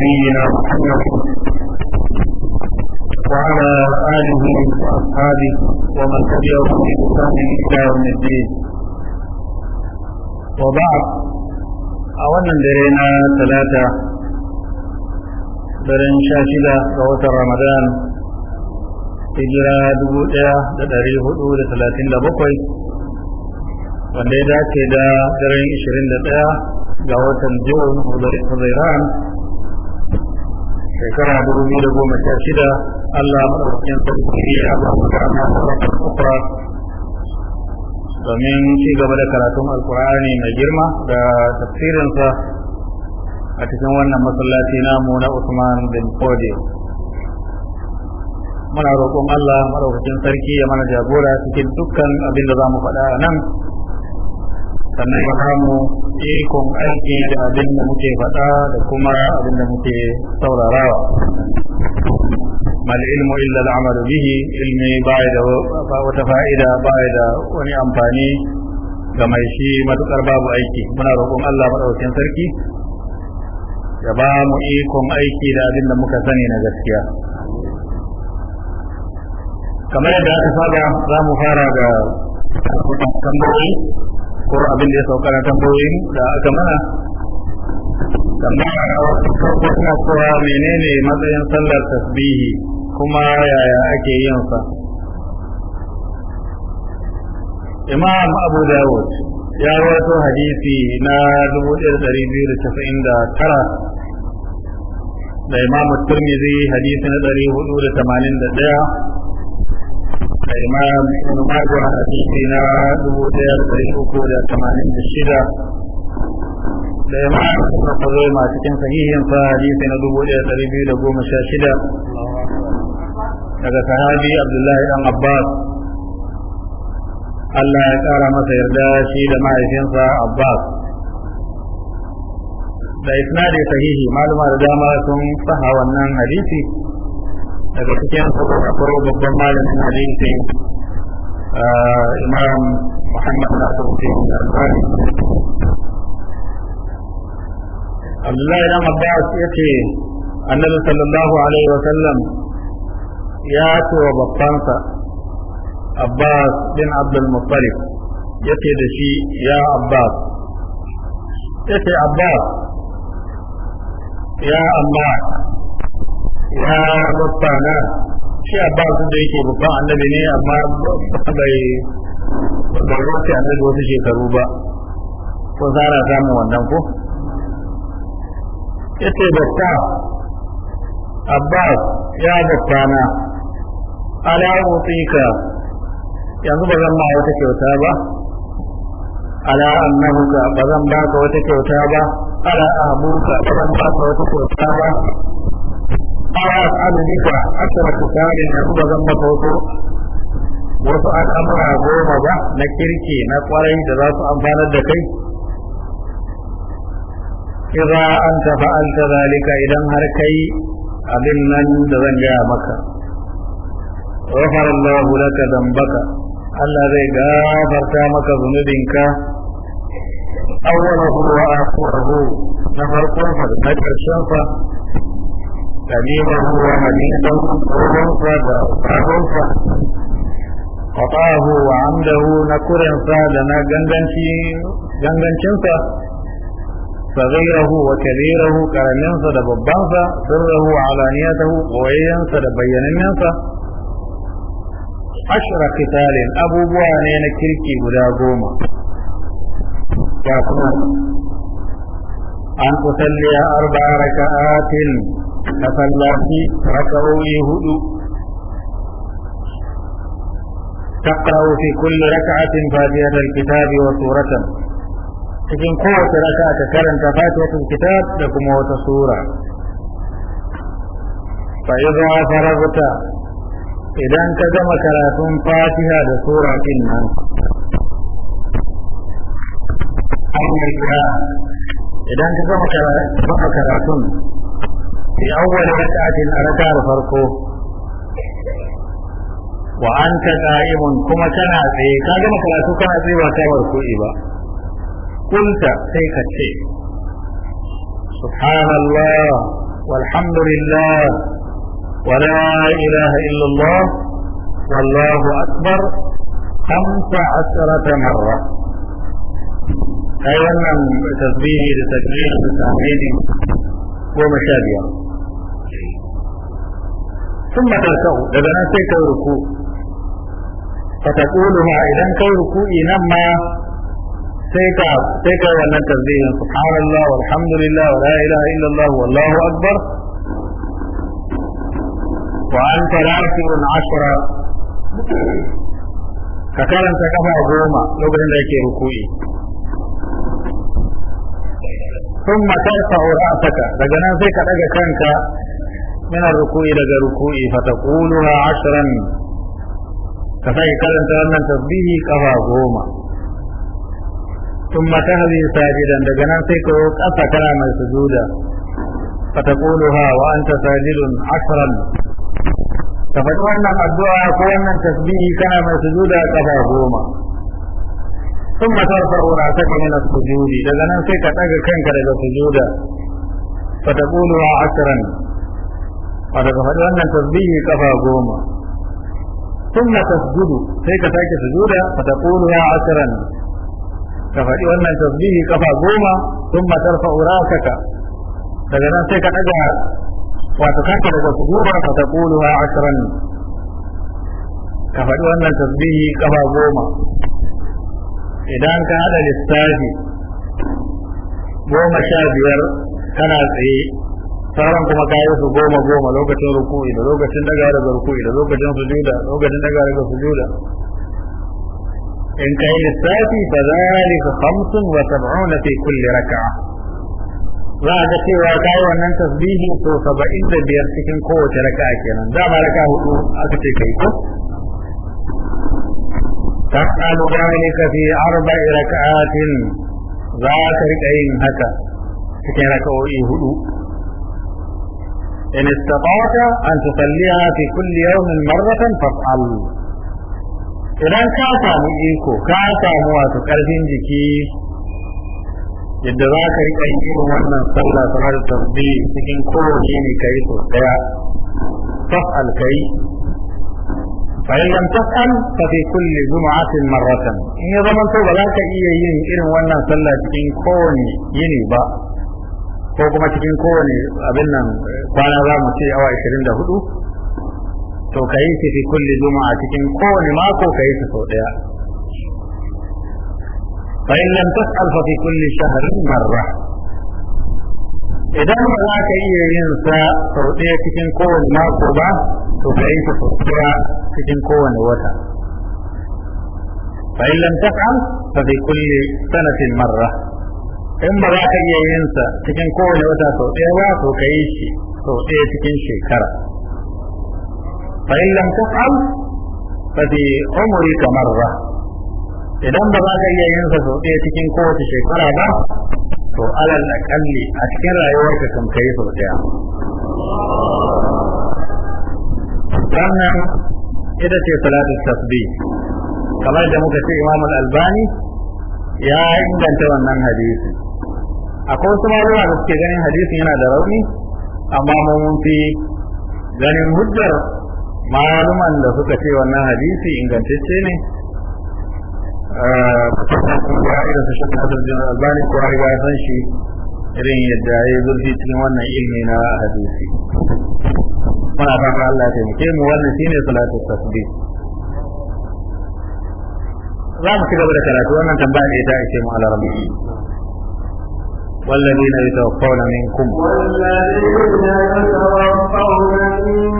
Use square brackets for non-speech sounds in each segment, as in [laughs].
نبينا محمد وعلى آله وأصحابه ومن تبعهم بإحسان إلى يوم الدين وبعد أولا درينا ثلاثة daren sha shida ga watan ramadan hijira dubu ɗaya da hudu da talatin da bakwai wanda ya dace da daren ishirin da ɗaya ga watan jihun huzairan shekara dubu biyu da goma sha shida Allah maɗaukakin sarki ya ba mu da domin ci gaba da karatun alkur'ani mai girma da tafsirinsa a cikin wannan masallaci namu na Usman bin Fodi muna roƙon Allah maɗaukakin sarki ya mana jagora cikin dukkan abin da za mu faɗa a nan sannan ya mu ikon aiki da abin da muke faɗa da kuma abin da muke saurarawa mal ilmu illa al'amal bihi ilmi bai da wata fa'ida bai da wani amfani ga mai shi matukar babu aiki muna roƙon Allah madaukakin sarki ya ba mu ikon aiki da abin da muka sani na gaskiya kamar yadda aka saba za mu fara da ko abin da ya sauka na tambayoyi da aka mana tambaya farko suna kowa menene matsayin sallar tasbihi kuma yaya ake yin sa imam abu dawud ya rawaito hadisi na 1299 da imam turmizi hadisi na 481 الإمام ابن ماجه حديثنا دوتير بريكوكو دا ثمانين الشدة الإمام ابن قضي ما تكن صحيحين فحديثنا دوتير بريكوكو دا قوم الشاشدة هذا صحابي عبد الله بن عباس الله تعالى ما سيرجع شيء لما يفنص عباس لا إثنان صحيح معلومة رجاء ما سن صحا ونن حديثي daga cikin saboda akwai babban malamin hadisi imam muhammad nasiruddin al-albani abdullahi dan abbas yace annabi sallallahu alaihi wa sallam ya ce wa babbansa abbas bin abdul muttalib yace da shi ya abbas yace abbas ya abbas ya babbana shi abbas da yake babban annabi ne amma bai bai rufe annabi wasu shekaru ba ko zara samun wannan ko yace ta, abbas ya babbana ala mutika yanzu ba zan ma wata kyauta ba ala annabuka ba zan baka wata kyauta ba ala amurka ba zan baka wata kyauta ba وأفعال ذكرى عشرة a يقول ذنب فوتر wasu al'amura goma ba na kirki na kwarai da za su amfanar da kai idza anta fa'alta zalika idan har kai abin nan da zan gaya maka ghafar Allahu laka dambaka Allah zai gafarta maka zunubinka awwalahu wa akhirahu na farkon fa da karshen fa سميعا ومديدا ومنفذا ومنفذا قطعه وعمده نكرا فادنا جنجنشي جنجنشنسا صغيره وكبيره كرمنسا دببانسا سره وعلانيته قوينسا دبيننسا عشر قتال أبو بوانين كركي بلا قوما أن أربع ركعات masallaci raka'o'i hudu تقرأ في كل ركعة فاتحة الكتاب وسورة cikin kowace raka ta karanta fatihatul kitab da kuma wata sura fa idza faragta idan ka gama karatun fatiha da sura din nan idan ka gama karatun في أول ركعة أركع فرقه وأنت قائم كما كان أتي كان كما كان أتي كان أتي وكان وركوئي قلت سيك الشيء سبحان الله والحمد لله ولا إله إلا الله والله أكبر خمس عشرة مرة أيضا أن تسبيه لتكبير التحميد ومشابهه ثم تركه اذا نسيت الركوع فتقول ما اذا كان ركوعي نما سيكا سيكا وانا تنبيه سبحان الله والحمد لله ولا اله الا الله والله اكبر وانت راكع عشرة ككلم تكفى غوما يبين لك ركوعي ثم ترفع راسك اذا لجنازك لك كانك من الركوع لدى الركوع فتقولها عشرا فكي كلمة أن تصبيه كفا غوما ثم تهوي ساجدا لجنا سيكروك أتى كلام سجودا فتقولها وأنت ساجد عشرا ففتوانا الدعاء كوانا تسبيه كلام سجودا كفا غوما ثم ترفع رأسك من السجود لجنا سيكروك أتى كلام سجودا فتقولها عشرا wato ka faɗi wannan tasbihi kafa goma ثم تسجد sai ka sake sujuda fa taqulu ya asran ka faɗi wannan tasbihi kafa goma thumma tarfa'u ra'saka daga nan sai ka daga wato kanka daga sujuda fa taqulu ya asran ka faɗi wannan tasbihi kafa goma idan ka haɗa lissafi goma sha biyar kana tsaye sauran kuma kayi su goma goma lokacin ruku'i da lokacin daga daga ruku'i da lokacin sujuda lokacin daga daga sujuda in kai lissafi fa zalika khamsun wa sab'una fi kulli raka'a za a ga cewa kai wannan tasbihi to 75 cikin kowace raka'a kenan da ma raka'a hudu aka ce kai ko تفعل ذلك في أربع ركعات ذات ركعين هكا تكين ركعوئي هدوء إن استطعت أن تصليها في كل يوم مرة فافعل idan ka samu iko ka samu wato karfin jiki yadda za ka riƙa irin wannan sallah kamar tasbi cikin kowace ne ka yi sau ɗaya taf'al kai fa in lam taf'al fa fi kulli in ya zama to ba za ka iya yin irin wannan sallah cikin yini ba ko kuma cikin kowane abin nan kwana za mu ce awa 24 to kai shi fi kulli juma'a cikin kowane mako kai shi sau daya fa in lam tas'al fa fi kulli shahrin marra idan ba za ka iya yin sa sau daya cikin kowane mako ba to kai shi sau daya cikin kowane wata fa in lam tas'al fa fi kulli sanatin marra in ba za ka iya yin sa cikin kowane wata sau ɗaya ba to ka yi shi sau ɗaya cikin shekara fa in lam taf'al fa bi umrika marra idan ba za ka iya yin sa sau ɗaya cikin kowace shekara ba to alal akalli a cikin rayuwarka kan kai sau ɗaya sannan ita ce salatu tasbih kamar da muka ce imam al-albani ya inganta wannan hadisi akwai wasu malama da suke ganin hadisin yana da rauni amma mun fi ganin hujjar maluman da suka ce wannan hadisi ingantacce ne ya irin su shakka da jin albani ko ai ya san shi irin yadda ya zurfi cikin wannan ilmi na hadisi muna fata Allah ya taimake mu wannan shine salatu tasbih za mu ci gaba da karatu wannan tambaya ita ce mu alarma والذين يتوفون منكم والذين يتوفون منكم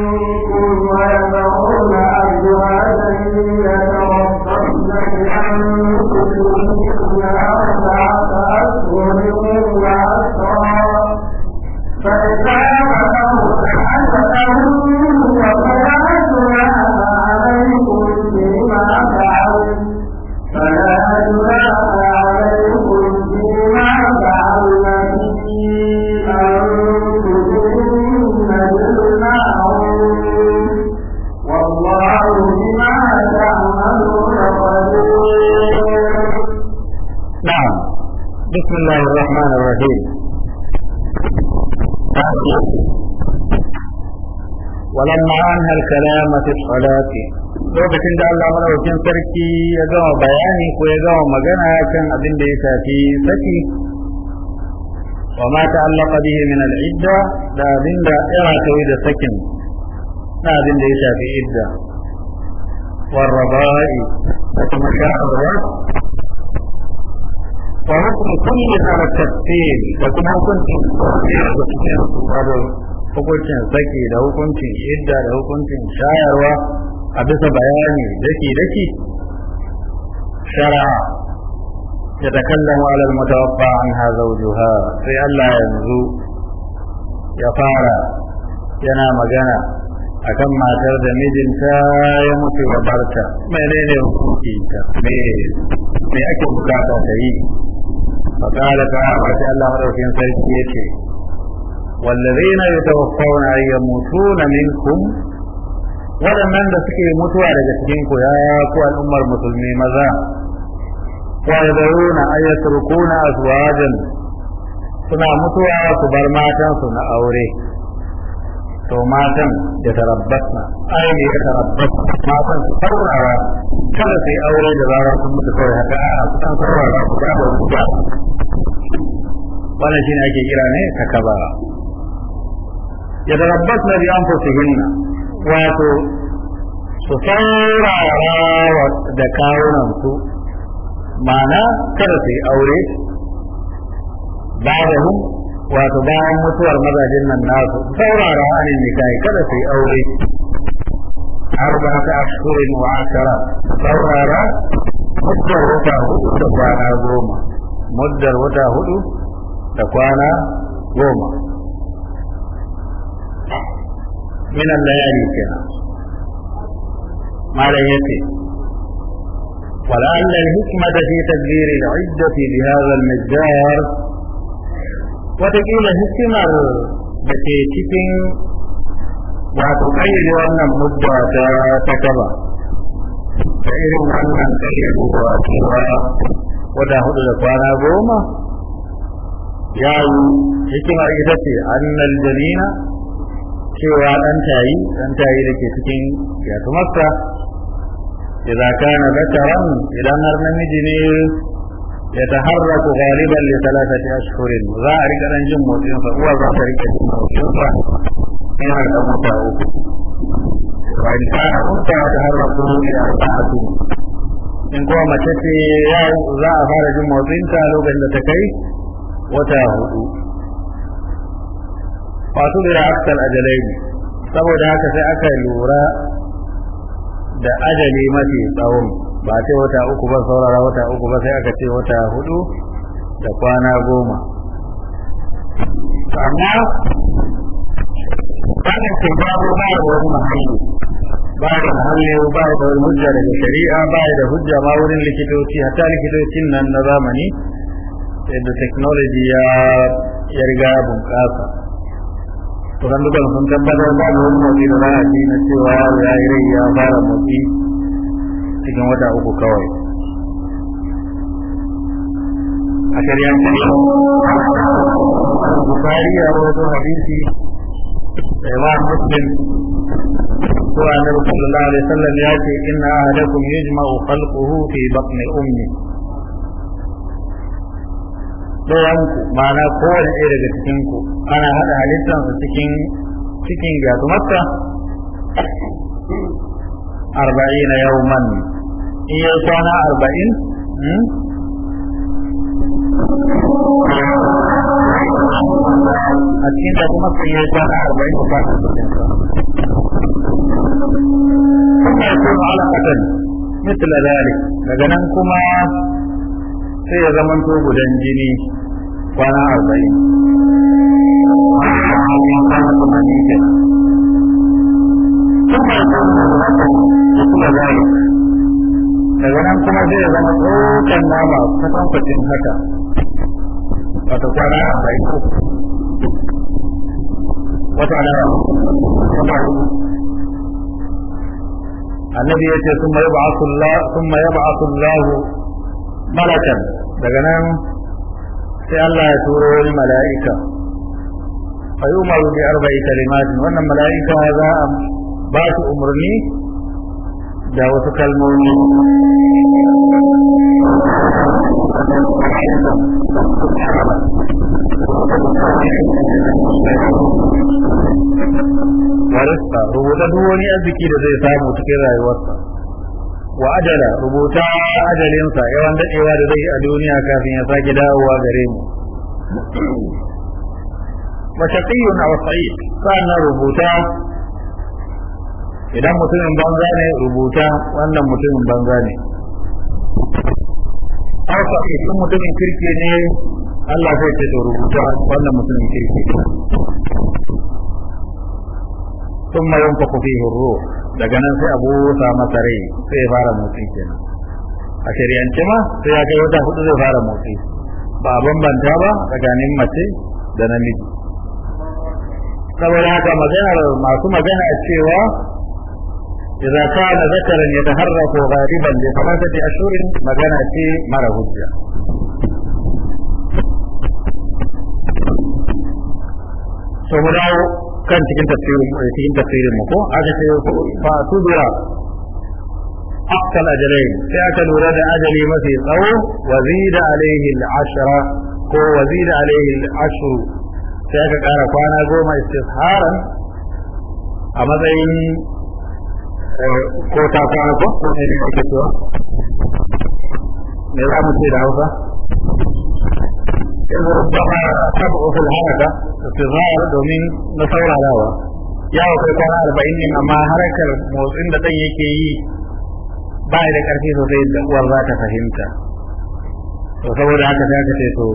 ويذرون أزواجا يتربصن بأنفسهن أربعة الكلام في الصلاة lokacin da Allah madaukakin sarki ya gama bayani ko ya gama magana kan abin da ya shafi saki wa ma ta'allaqa bihi min al-idda da abin da ya tawi da sakin da abin da ya shafi idda والرضاء وتمشاعر وحكم كل على التفصيل لكن هل كنت hukuncin saki da hukuncin idda da hukuncin shayarwa a bisa bayani daki daki shara'a ya takallamu ala mutawaffa an ha zawjuha sai Allah yanzu ya fara yana magana akan matar da mijinta ya mutu ya barta menene hukuncinta me me ake bukata ta yi fa qala ta Allah madaukin sarki yace wallazina yatawaffawna ay yamutuna minkum waɗannan da suke mutuwa daga cikin ku ya ku al'ummar musulmi maza wa yadaruna ay yatrukuna suna mutuwa su bar matan su na aure to matan da tarabbasna ai ne ya tarabbasna matan su saurara kada sai aure da zarar sun mutu sai haka a kusan saurara ku ba wannan shine ake kira ne takabara يتربطن بأنفسهن واتو سطورا ودكاونا انتو كرسي او أوري بعدهم واتو بعد متور مدى جنة الناس سطورا عن كرسي او أوري أربعة أشهر وعشرة سطورا مدر وتا هدو تقوانا غوما مدر وتا هدو تقوانا غوما من الليالي layali ما malam yace ولعل الحكمة في تدبير العدة بهذا المقدار وتقيل حكمة التي تكن وتقيد أن المدة تكبر فإن أن تجد ودا هدو لكوانا بوما يعني حكمة إذا أن الجنين cewa ɗan tayi ɗan tayi da ke cikin ya tumarsa idan kana zakaran idan har namiji ne ya taharraku galiban li thalathati ashhurin za a riga dan jin motsin sa uwa za ta rike jin motsin sa in har da mutu uku wa in kana mutu ya taharraku ila arba'ati in kuma mace ce za a fara jin motsin ta lokacin da ta kai wata hudu wasu da aksal ajalai saboda haka sai aka lura da ajali mafi tsawon ba ce wata uku ba saurara wata uku ba sai aka ce wata hudu da kwana goma amma wannan ce babu ba da wani mahalli ba da mahalli ba da wani hujja da shari'a ba da hujja ma wurin likitoci hatta likitocin nan na zamani da technology ya yarga bunƙasa kusan dukan sun tabbatar da wani motsi da za a ji na cewa yaro ya yi rai ya fara motsi cikin wata uku kawai a shari'ar bukari ya rawaito hadisi da imam muslim cewa annabi sallallahu alaihi wasallam ya ce inna ahadakum yajma'u khalquhu fi batni ummi ɗayanku ma'ana kowane ɗaya daga cikinku ana haɗa halittarsa cikin cikin gatumarsa arba'ina yawman in yau kwana arba'in a cikin gatumarsa in yau kwana arba'in ko kwana arba'in kuma ya kuma alaƙatan مثل ذلك daga nan kuma sai ya to gudan jini kwana arba'in daga nan kuma zai zama tsokan nama kusan kwacin haka wata kwana arba'in wata alawa annabi ya ce sun malakan daga nan sai Allah ya turo wani mala'ika fa yumaru bi arba'i kalimatin wannan mala'ika za a ba su umarni da wasu kalmomi warista rubuta duk wani arziki da zai samu cikin rayuwarsa wa adala rubuta adalinsa yawan dadewa da zai a duniya kafin ya sake dawowa gare mu wa shaqiyun aw sa'id rubuta idan mutumin banza ne rubuta wannan mutumin banza ne aw sa'id mutumin kirki ne Allah zai ce to rubuta wannan mutumin kirki ثم ينفخ فيه الروح daga nan sai abu sa masa rai sai fara motsi kenan a shiryance ma sai ya kai wata hudu da fara motsi ba bambanta ba nan mace da namiji saboda haka maganar masu magana a cewa idan ka na zakarin ya ta harra ko gariban da kamar sai a shurin magana ce mara hujja saboda كان تكين تفسير تكين تفسير مكو هذا فصدر أقصى الأجلين فئة ولد أجل مثل أو وزيد عليه العشرة كو وزيد عليه العشر فئة كان فانا قوم استظهارا أما بين ko ta kwana ko ne ne kake cewa me za mu ce da hausa in rubama tabu'u fil haraka istizhar domin na saurarawa ya kai kwana arba'in ne amma harakar motsin da ɗan yake yi ba da ƙarfi sosai da uwar za ta fahimta to saboda haka sai aka ce to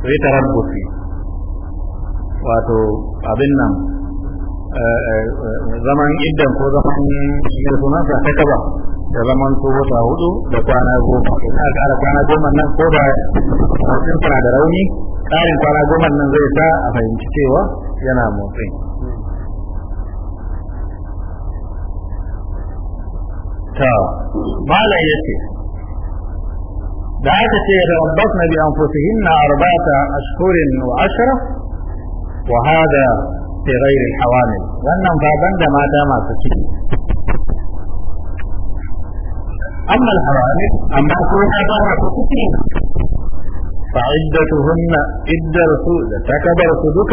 to yi tarabbusi wato abin nan zaman idan ko zaman shigar sunansa ta kaba da zaman to wata hudu da kwana goma ina ƙara kwana goma nan ko da sun tana da rauni ƙarin kwana goma nan zai sa a fahimci cewa yana motsi ta mala ya ce da aka ce da rabbas na biyan fusihin na arbata ashkurin wa ashara wa hada fi ghairi hawamil wannan baban da mata masu ciki amma al-hawamil amma ko ta ba ta ciki فعدتهن إدر سودة تكبر سودك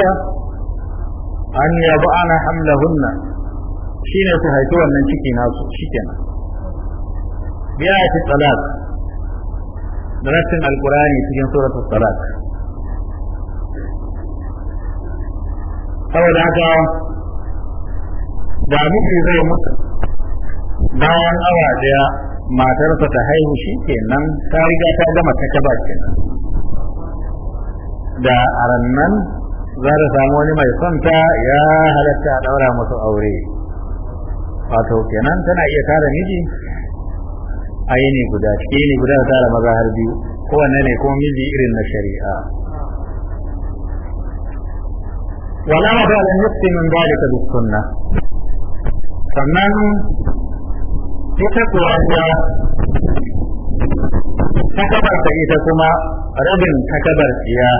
أن يضعن حملهن شين سهيتوا أن شكي ناسو شكنا بآية الصلاة درس القرآن في سورة الصلاة saboda haka da miji zai mutu bayan awa daya matarsa ta haihu shi kenan ta riga ta gama ta kaba kenan da arannan za ta samu wani mai sonta ya halatta a daura musu aure wato kenan tana iya tara miji a ne guda cike ne guda tara maza har biyu kowanne ne kuma miji irin na shari'a wala ma fa'alan yaqti min dalika bis sunnah sannan ita kuwa ta kabarta ita kuma rabin takabar tsiya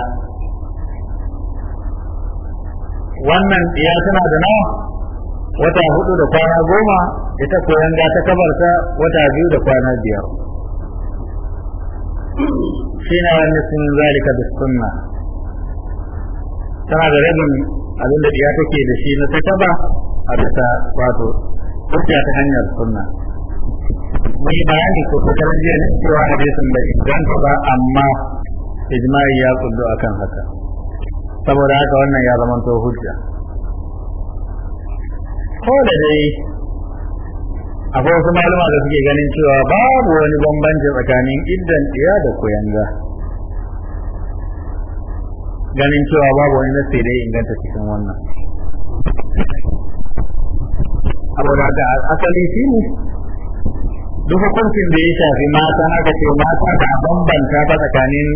wannan ya tana da nawa wata hudu da kwana goma ita koyan ga ta kabarta wata biyu da kwana biyar shi na wani sun zalika da sunna tana da rabin abin da ya take da shi na ta a bisa wato kuka ta hanyar sunna mun yi bayani ko ta jiya cewa hadisin da inganta ba amma ijma'i ya kullu akan haka saboda haka wannan ya zama to hujja ko da dai akwai wasu malama da suke ganin cewa babu wani bambanci tsakanin iddan iya da kuyanga ganin cewa babu wani nasi da ya inganta cikin wannan saboda da asali shi ne duk hukuncin da ya shafi mata aka ce mata ta bambanta ta tsakanin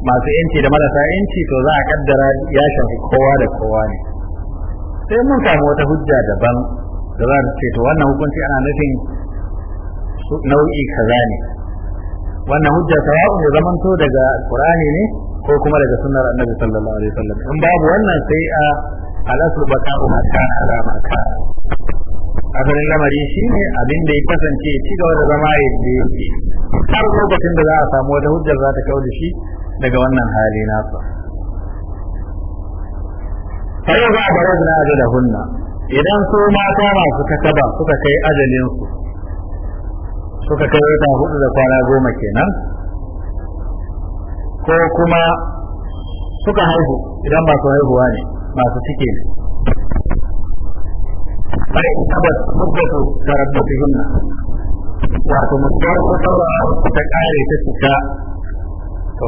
masu yanci da marasa yanci to za a kaddara ya shafi kowa da kowa ne sai mun samu wata hujja daban da za ta ce to wannan hukunci ana nufin nau'i kaza ne wannan hujja sawa'un ya zamanto daga qur'ani ne ko kuma daga sunnar annabi sallallahu alaihi wasallam in babu wannan sai a alasul bata'u maka alama ka abin lamari shi ne abin da ya kasance ci gaba da zama ya je har lokacin da za a samu wata hujjar za ta kawo da shi daga wannan hali nasa fa yau za a bar na da hunna idan su mata masu kataba suka kai ajalinsu suka kai wata hudu da kwana goma kenan ko kuma suka haihu idan masu haihuwa ne masu cike ne bai tabbas muddatu tarabbatuhunna wato muddatu ta kare ta cika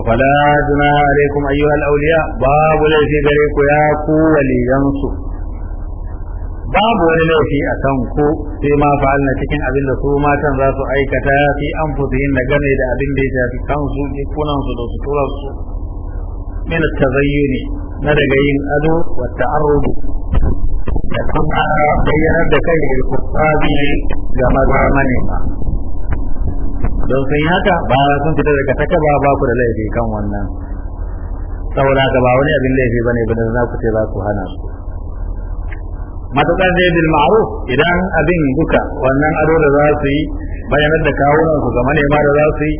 فلا جناح عليكم أيها الأولياء باب الذي غريك يا كو ولينسو باب الذي أتنكو فيما فعلنا تكن أبن سوما تنزاس أيكتا في أنفسهن جميل أبن ديجا في كنسو يكون أنسو دو ستورسو من التزين ندقين أدو والتعرض يكون بيانا دكي الكتاب جمال منهما don sun yi haka ba sun fita daga takaba ba ku da laifi kan wannan saboda ka ba wani abin laifi bane ba da za ku ce za ku hana su matuƙar zai bil ma'ruf idan abin duka wannan ado da za su yi bayanar da kawunan su ga manema da za su yi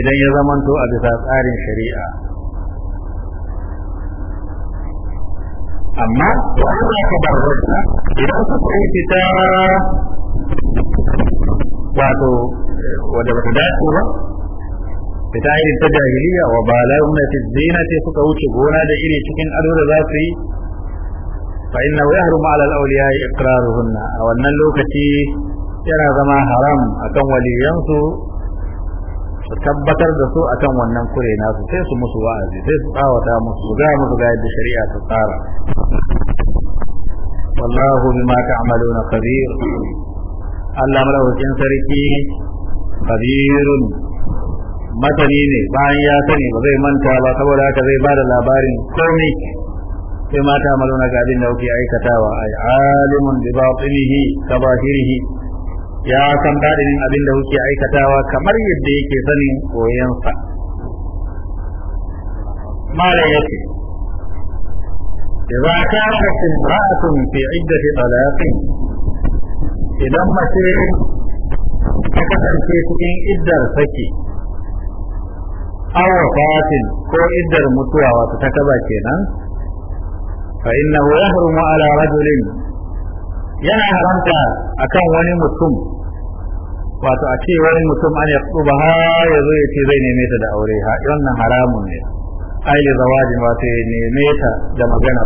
idan ya zamanto a bisa tsarin shari'a amma wa Allah ka idan suka yi wato wadda ba ta dace ba fita irin ta jahiliya wa ba na fi zina ce suka wuce gona da iri cikin ado da za su yi fa inna ya haruma ala al-awliya iqraruhunna a wannan lokaci yana zama haram akan waliyansu su tabbatar da su akan wannan kure nasu sai su musu wa'azi sai su tsawata musu su ga musu ga yadda shari'a ta tsara wallahu bima ta'maluna khabir Allah wajen sarki kabirun masani ne bayan ya sani ba zai manta ba saboda haka zai bada labarin komai sai mata malona ga abin da kuke aikatawa ai alimun bi batinihi kabahirihi ya san dadin abin da kuke aikatawa kamar yadda yake sanin koyansa mala yake إذا كانت امرأة في عدة طلاق إذا mace. ta kasance cikin iddar saki awa fatin ko iddar mutuwa wata ta kaba kenan fa innahu yahrumu ala rajulin yana haramta akan wani mutum wato a ce wani mutum an ya tsuba ha ya zo ya ce zai neme ta da aure ha wannan haramun ne aili zawajin wato ya neme ta da magana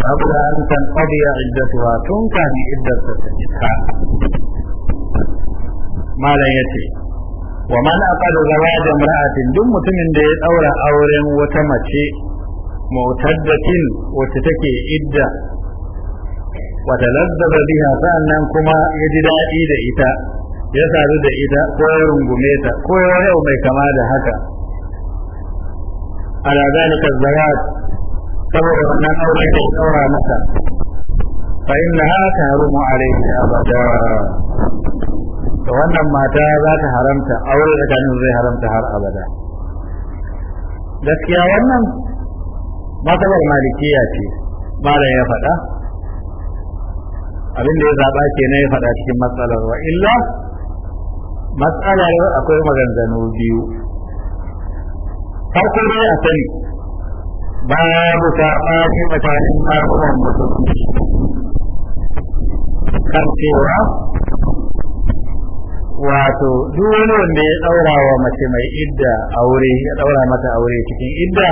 saboda an kan qadiya iddatuha tun kan iddar ta ta malam yace wa man aqada zawaj imra'atin duk mutumin da ya daura auren wata mace mutaddatin wacce take idda wa talazzaba biha sa'annan kuma yaji dadi da ita ya sadu da ita ko ya rungume ta ko ya yau mai kama da haka ala zalika zawaj saboda wannan aure da daura mata fa inna ta rumu alayhi abada da wannan mata za ta haramta aure kanin zai haramta har abada gaskiya wannan matsalar malikiya ce malam ya faɗa abin da ya zaɓa ke na ya faɗa cikin matsalar wa illa matsalar akwai maganganu biyu farko dai a sani babu saɓani tsakanin ba mutum kan cewa wato duk wani wanda ya daura wa mace mai idda aure ya daura mata aure cikin idda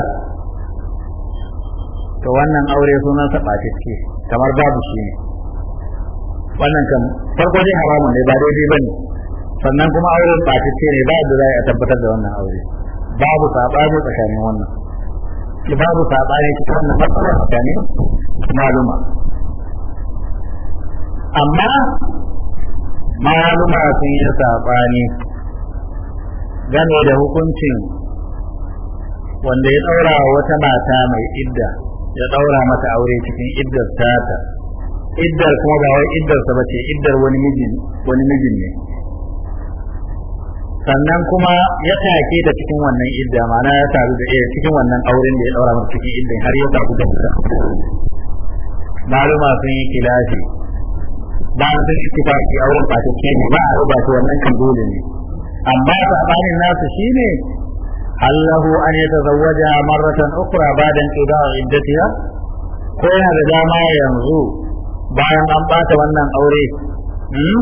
to wannan aure sunan sa batacce kamar babu shi ne wannan kan farko dai haramun ne ba daidai bane sannan kuma aure batacce ne ba da za a tabbatar da wannan aure babu sabani tsakanin wannan babu sabani cikin wannan matsala tsakanin maluma amma maluma sun yi saɓani game da hukuncin wanda ya daura wata mata mai idda ya daura mata aure cikin iddar tata iddar kuma ba wai iddarsa ba ce iddar wani mijin wani mijin ne sannan kuma ya take da cikin wannan idda ma'ana ya taru da iya eh, cikin wannan auren da ya daura mata cikin iddan har ya taru da ita maluma sun yi kilashi bayan sun shi kuka a wurin fatacce ne ba a ruba shi wannan kan dole ne amma sabanin nasu shine Allahu an yi ta yatazawwaja marratan da ba'da qida iddatiha ko yana da dama yanzu bayan an bata wannan aure hmm,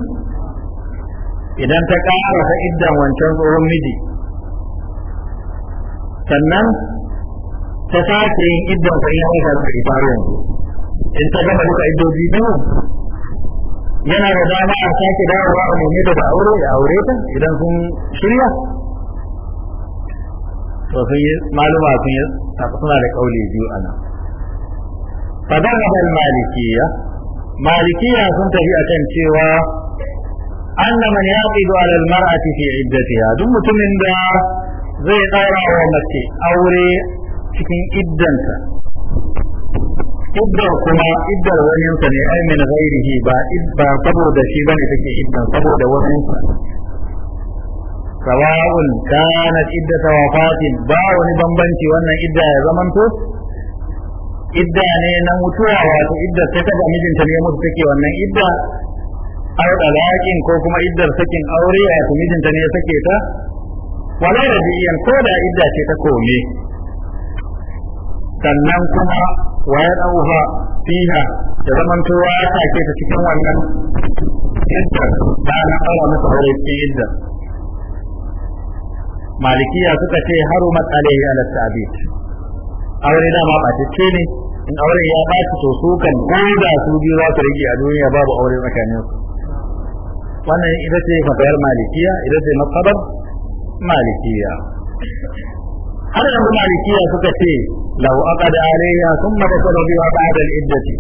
idan ta ƙara ta iddan wancan tsohon miji sannan ta sake yin iddan ta iya aika ta faru yanzu in ta gama duka iddoji biyu yana da dama a sake dawowa a nemi daga aure ya aure ta idan sun shirya to sun yi maluma sun yi tafi suna da kauli biyu a nan fadar malikiya malikiya sun tafi a kan cewa أن من يعقد على المرأة في duk mutumin da zai tsara wa mace aure cikin iddanta iddar kuma iddar wani sa ne ai min ghairihi ba idda saboda shi bane take iddar saboda wani sa sawa'un kana iddata wafatin ba wani bambanci wannan idda ya zamanto idda ne na mutuwa wato idda ta taba mijinta ne mutu take wannan idda aw dalakin ko kuma iddar sakin aure wato mijinta ne sake ta wala rabiyan ko da idda ce ta kome sannan kuma wa ya dauha fiha ya zaman tuwa ya sake ta cikin wannan iddar da na fara masa aure cikin iddar malikiya suka ce haru harumat ya ala sabit aure da ma ba ta ce ne in aure ya ba ta to su kan goda su biyu za su rike a duniya babu aure tsakanin su wannan ita ce fatayar malikiya ita ce matsabar malikiya har da malikiya suka ce lau aqad alayha thumma dakala biha ba'da al-iddati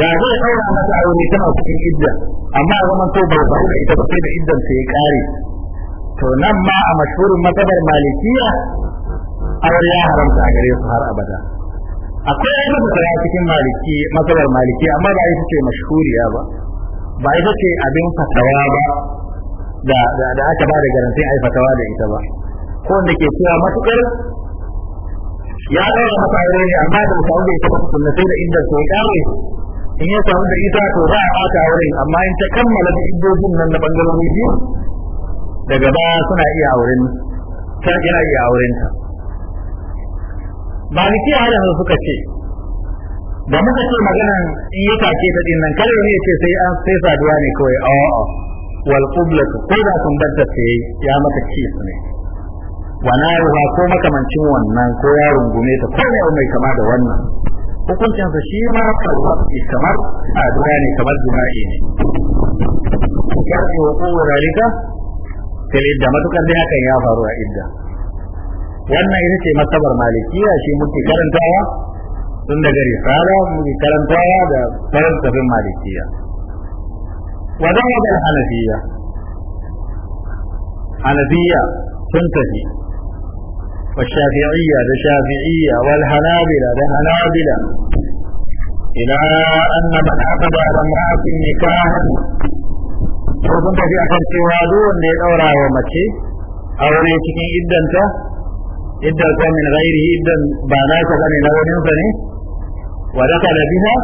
da zai daura mata aure tana cikin idda amma a zaman to bai faru da ita ba sai da iddan sai ya kare to nan ma a mashhurin matabar malikiya aure ya haramta a gare su har abada akwai wata cikin masalar maliki amma ba ita ce mashhuriya ba ba abin fatawa ba da aka ba da garanti yi fatawa da ita ba ko wanda ke cewa matukar ya ɗaura masa aure ne amma da samu da ita masa sunna sai da inda sai ya ƙare in ya samu da ita to za a ɓata wurin, amma in ta kammala da iddojin nan na bangarori biyu daga ba suna iya auren ta gina iya auren ta maliki halin suka ce da muka ce magana in ya take ta din nan kare ne ce sai an sai saduwa ne kawai a'a wal qiblatu ko da sun bar ta sai ya mata kisa ne wana ruwa ko makamancin wannan ko ya rungume ta ko ne mai kama da wannan hukuncin sa shi ma kamar addu'a ne kamar jima'i ne yake wa kowa zalika sai da matukar dai hakan ya faru a idda wannan ita ce masabar malikiya shi muke karantawa tun daga risala muke karantawa da farantafin malikiya wadan wadan hanafiya hanafiya sun tafi والشافعية بشافعية والهنابلة بهنابلة إلى أن من عقد على امرأة النكاح وكنت في أحد سوادون للأورا ومكي أو ليتكي إدا أنت إدا من غيره إدا بانات بني لو بني ودخل بها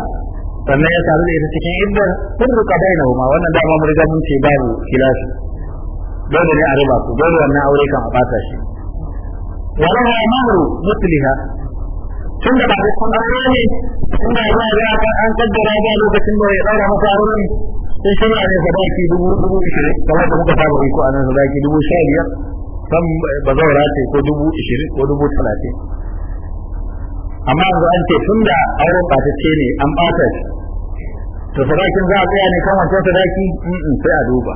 فما يسأل إذا تكي إدا فرق بينهما وأن دعم أمر جمع في باب خلاف دون أن أعرفك دون أن أوريك أعطاك شيء ولها مهر مثلها tun da ba da kun aure ne tun da ya ga غير an kaddara ba lokacin da ya fara masa aure sai shi ne sadaki dubu ishirin kamar muka sadaki dubu amma an ce tun da auren ce ne an bata ce, to sadakin za a tsaya ne kan wancan sadaki sai a duba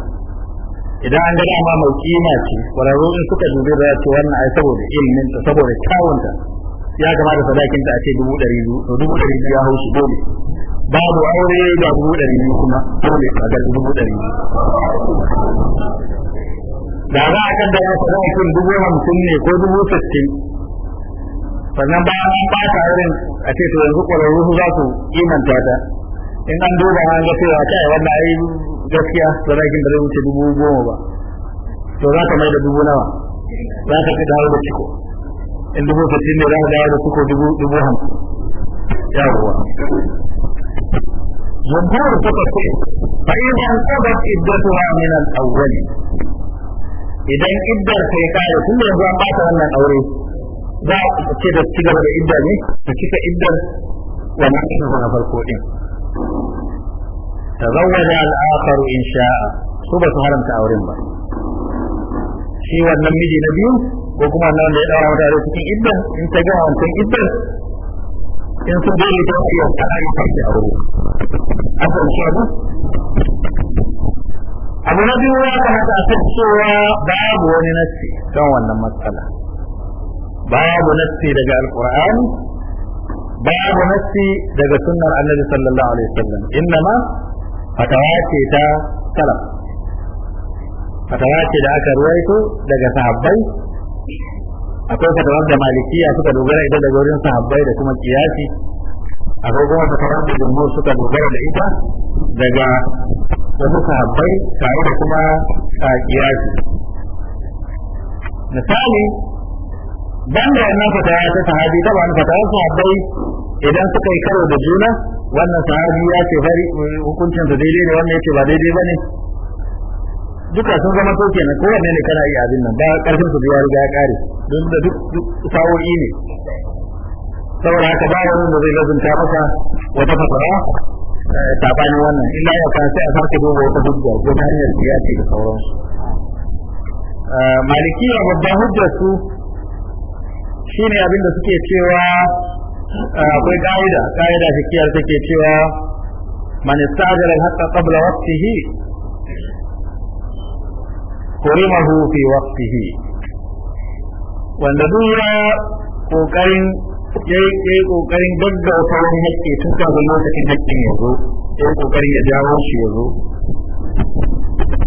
idan an ga dama mai kima ce kwararru in suka dubi da ya ce wannan ai saboda ilimin ta saboda kyawunta ya gama da sadakin ta a ce dubu ɗari biyu to dubu ɗari biyu ya hau shi dole babu aure ba dubu ɗari biyu kuma dole a ga dubu ɗari biyu da za a kan da ya sadakin dubu hamsin ne ko dubu sittin sannan bayan an ta wurin a ce to yanzu kwararru za su imanta ta in an duba an ga cewa kai wanda ai gaskiya sadakin da dare wuce dubu goma ba to za ka mai da dubu nawa za ka fi dawo da ciko in dubu sittin ne za ka dawo da ciko dubu dubu hamsin yawwa jumhur ta ce fa idan qadat iddatuha min al-awwal idan iddar sai kare tun da yanzu an ta wannan aure za ka ce da cigaba da idda ne ta cika iddar wannan na farko din tazawwaja al-akhar in sha'a su ba su haramta auren ba shi wannan miji na biyu ko kuma wannan da ya daura mata da cikin iddan in ta gama wancan iddan in sun dole ta iya tsari ta ke a kan abu na biyu ya kamata a san cewa babu wani nassi kan wannan matsala babu daga alqur'ani babu daga sallallahu alaihi innama fatawa ce ta salaf fatawa ce da aka ruwaito daga sahabbai akwai fatawar da malikiya suka dogara ita daga wurin sahabbai da kuma kiyasi akwai kuma fatawar da jumhur suka dogara da ita daga wasu sahabbai tare da kuma kiyasi misali ban da wannan fatawa ta sahabi ta ba fatawa sahabbai idan suka yi karo da juna wannan sahabi ya ce fari hukuncin da daidai ne wannan yace ba daidai bane duka sun zama to kenan ko wanne ne kana iya abin nan ba karfin su ya riga ya kare don da duk sawo'i ne saboda haka ba wani da zai lazunta maka wata fasara eh, tafani wannan illa ya kan a sake duba wata hujja ko ta hanyar siyasi da sauransu ya eh, babban hujjar su shine abinda da suke cewa Eh, akwai ka'ida ka'ida fikiyar take cewa man istajara al-haqqa qabla waqtihi kurimahu fi waqtihi wanda duk ya kokarin yayi kokarin gaggauta wani hakki tun kafin lokacin hakkin ya zo ya kokarin ya jawo shi ya zo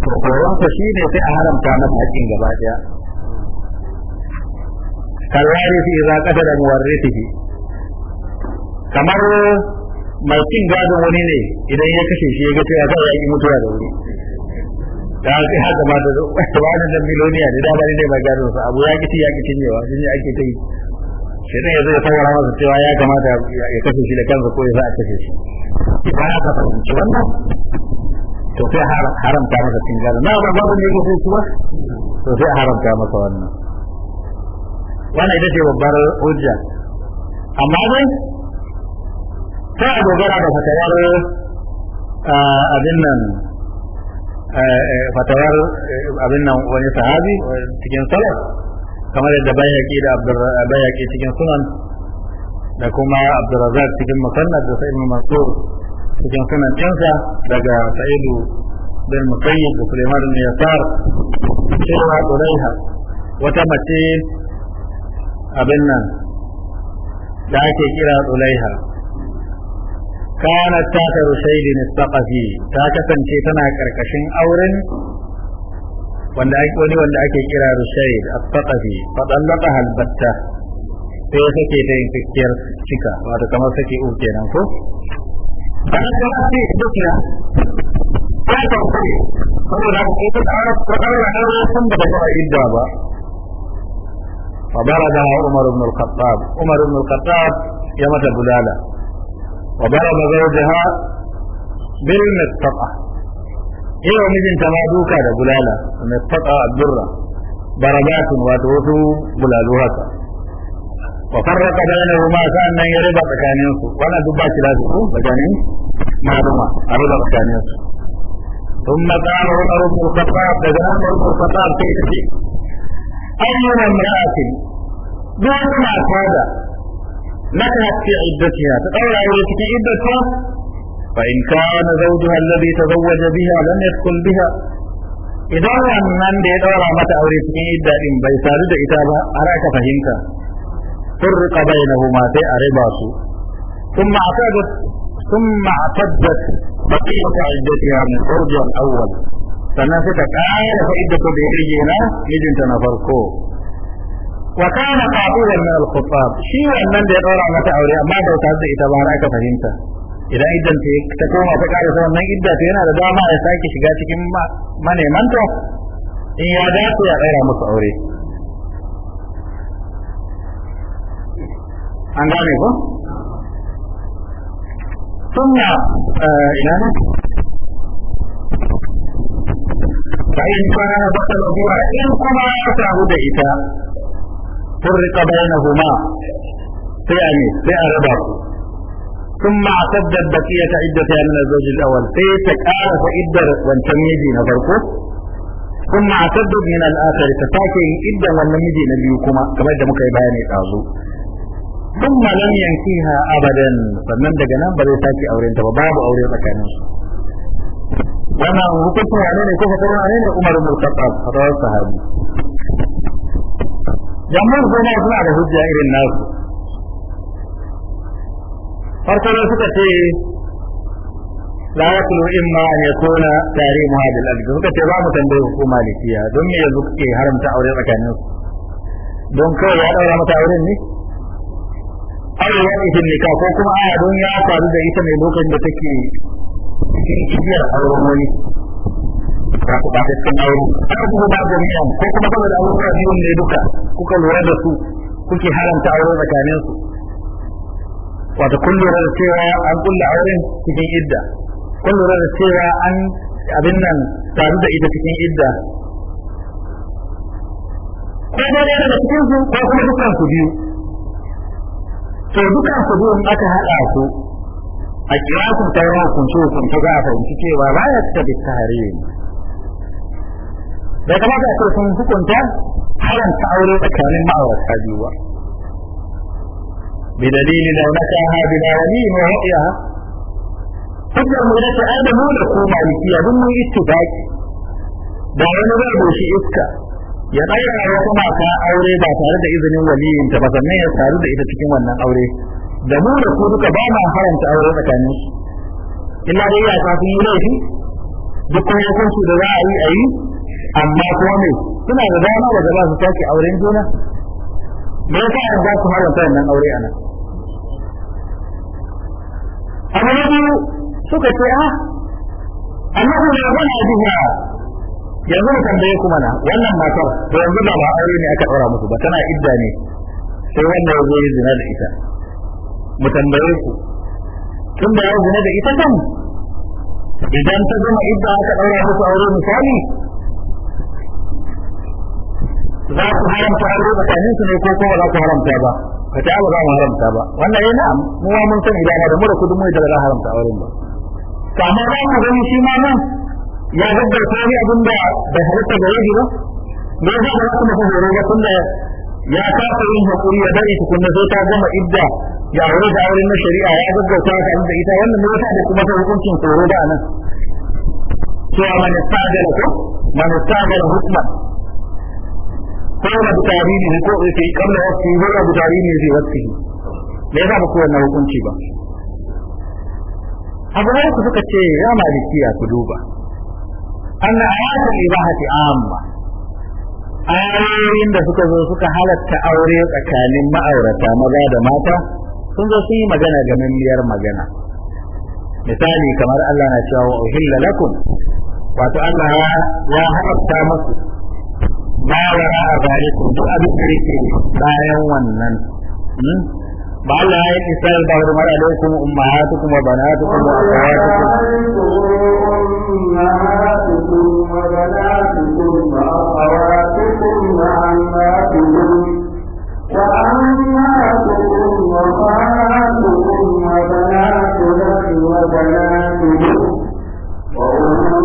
kokarinsa shi ne sai a haramta masa hakkin gaba daya kallari fi idza qadara muwarrithihi kamar mai cin gadon wani ne idan ya kashe shi ya ga cewa za a yi mutuwa da wuri da sai haka ma da [laughs] wani da miloniya da dama ne mai gadon sa abu ya kici ya kici ne wa shi ne ake kai sai dai zai saurara masa cewa ya kamata ya kashe shi da kansa ko ya za a kashe shi ba a ka fahimci wannan to sai haramta masa cin gadon na ba babu ne ko su kuma to sai haramta masa wannan wannan ita ce babbar hujja amma dai sai a dogara da fatawar abin nan fatawar abin nan wani sahabi cikin salaf kamar yadda bayaki da bayaki cikin sunan da kuma abdurrazak cikin musannad da sa'id mansur cikin sunan ɗinsa daga sa'idu bin musayyib da suleiman bin yasar cewa ɗuraiha wata mace abin nan da ake kira ɗulaiha kana ta ta rushaidi mustaqafi ta kasance tana karkashin auren wanda ake wani wanda ake kira rushaid as-saqafi fa dallaqa al-batta sai ta yin tsakiyar cika wato kamar sake uku kenan ko kana ta ce dukna ta ta ce saboda ko ta tsara tsara da kan sun da ba idda ba fa barada Umar ibn al-Khattab Umar ibn al-Khattab ya mata bulala وضرب زوجها بالمطقة إيه ومجن تمادوكا دا بلالا المطقة الدرة ضربات وتوتو بلالوها وفرق بينهما كأن يرضى تكانيوسو ولا دبات لا تكون تكاني معلومة أرضى تكانيوسو ثم قال عمر بن الخطاب فجاء عمر بن الخطاب كيف أي امرأة دون ما ما في عدتها تقول تطلع ولتك عدتها فإن كان زوجها الذي تزوج بها لم يدخل بها إذا لم من دي دورا ما تأوري في عدة إن بيسال دعتابة أراك فهمت فرق بينهما في أرباسو ثم أعتدت ثم أعتدت بقية عدتها من فرج الأول فنفتك آية فإدة بهرينا إذن تنفرقوه wa kana qa'ilan min al-khutab shi wannan da ya daura mata aure amma bai ta da ita ba har aka fahimta idan idan ta koma ta kare sa wannan yana da dama ya sake shiga cikin manemanta in ya dace ya tsaya musu aure an gane ko sunna eh, ina ne fa in kana bakal in kuma ta da ita فرق بينهما يعني في ربا ثم اعتدت بقية عدة من الزوج الأول في تكآل فإدر وانتميجي نظركم ثم اعتدت من الآخر تفاكي إدر والنميجي نبيكما كما جمك بياني تعزو ثم لم ينكيها أبدا فمن دقنا بل يتاكي أورين تباب أورين تكانوس وما هو كفر علينا كفر علينا أمر من الخطاب هذا الصحابي jama'ar goma suna da hujja irin nasu farko ne suka ce la yakulu imma an yakuna tarimu hadal abdi suka ce ba mu tambaye hukuma lafiya don me yanzu kuke haramta aure tsakanin su don kawai ya daura mata auren ne aure ya isin ka ko kuma aya don ya faru da ita mai lokacin da take cikin kibiyar auren wani ba ku ba cikin aure aka kuma ba da miyan ko kuma kuma da aure biyu ne duka kuka lura da su kuke haramta aure tsakanin su wato kun lura da cewa an kulla auren cikin idda kun lura da cewa an abin nan tare da ita cikin idda ko da ne da cikin su ko kuma dukan su biyu to dukan su biyu aka hada su a kira su ta yawan kunce hukunce za a fahimci cewa ba ya cika da tarihi bai kamata a ce sun hukunta haramta aure tsakanin ma'aurata biyu ba بدليل لو نكاها بلا يمين ورؤيا hujjar mu ita ai da mu da ku malikiya duk mun ittifaki da wani zai shi iska ya tsaya ya kuma ka aure ba tare da izinin waliyin ta ba sannan ya taru da ita cikin wannan aure da mu da ku duka ba ma haramta aure tsakanin su illa dai ya kafin yi laifi duk kuma hukunci da za a yi a yi amma kuma ne suna da dama da ba su sake auren juna me yasa an za su haramta wannan aure ana amma na biyu suka ce a ah, annahu ya bana biha yanzu mu tambaye ku mana wannan matar da yanzu ba ba aure ne aka ɗora musu ba tana idda ne sai wannan ya zo zina da ita mu tambaye ku tun da ya zina da ita kan idan ta zama idda aka ɗora musu aure misali za ku haramta aure tsakanin su ne ko kuma za ku haramta ba ka ta ba za mu haramta ba wannan yana mu ma mun sani da da mu da ku mu da za haramta auren ba kamar za mu gani shi ma nan ya gaddar ta ne abin da da halitta da yaji ba ne za mu kuma ku horo ba tunda ya kafa yin hakuri ya bari tukunna zo ta gama idda ya aure da aure na shari'a ya gaggauta ta da ita wannan ne wata da kuma ta hukuncin tsoro da nan cewa man istadala ko man istadala hukman ko yana da tarihi ko yake kamar wasu ko yana da tarihi zai wasu me yasa ba kowanne hukunci ba abu ne ku suka ce ya maliki malikiya ku duba anna ayatul ibahati amma ayoyin da suka zo suka halatta aure tsakanin ma'aurata maza da mata sun zo sun yi magana ga miyar magana misali kamar Allah na cewa uhilla lakum wato Allah ya haɓata musu ba wara a gare ku duk abin da yake bayan wannan ba Allah ya yi sai ba wurin mara da kuma ummahatukum wa banatukum wa akhawatukum وأمهاتكم وبناتكم وبنات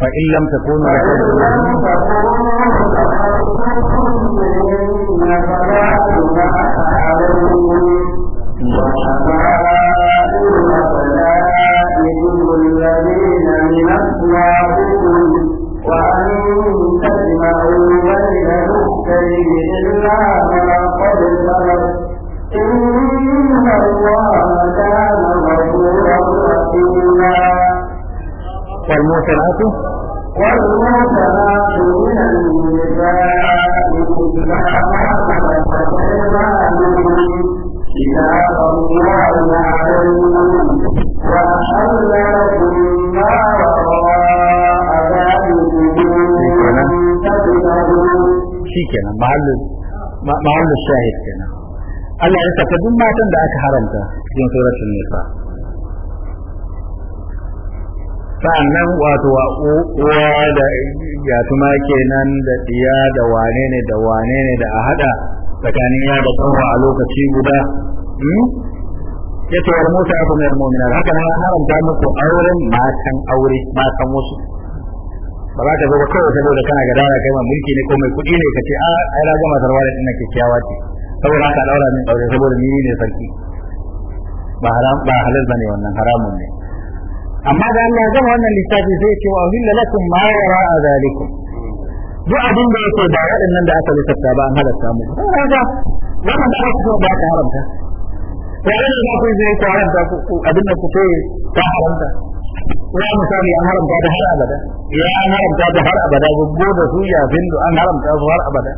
فإن لم تكونوا لكم shahid kenan Allah ya saka duk matan da aka haramta cikin suratul nisa sa'annan wato wa uwa da yatuma kenan da diya da wane ne da wane ne da a hada tsakanin ya da tsawo a lokaci guda hmm? yace wa musa abu mai mu'mina haka na haramta muku auren matan aure matan wasu ba za ka zo ba kawai saboda kana ga dara kai ma mulki ne ko mai kuɗi ne ka ce a ah, ai na gama sarwa da ina kyakkyawa ce saboda haka daura min aure saboda ni ne sarki ba haram ba halal bane wannan haramun ne amma da Allah ya gama wannan lissafi sai ya ce wa uhilla lakum ma wara'a zalikum duk abin da yake da waɗannan da aka lissafta ba an halatta mu kaga wannan da aka so ba ka haramta sai da ku zai ku haramta ku abin da ku ta haramta ya misali an haramta da har abada ya an haramta da har abada goggo da su ya bindu an haramta su har abada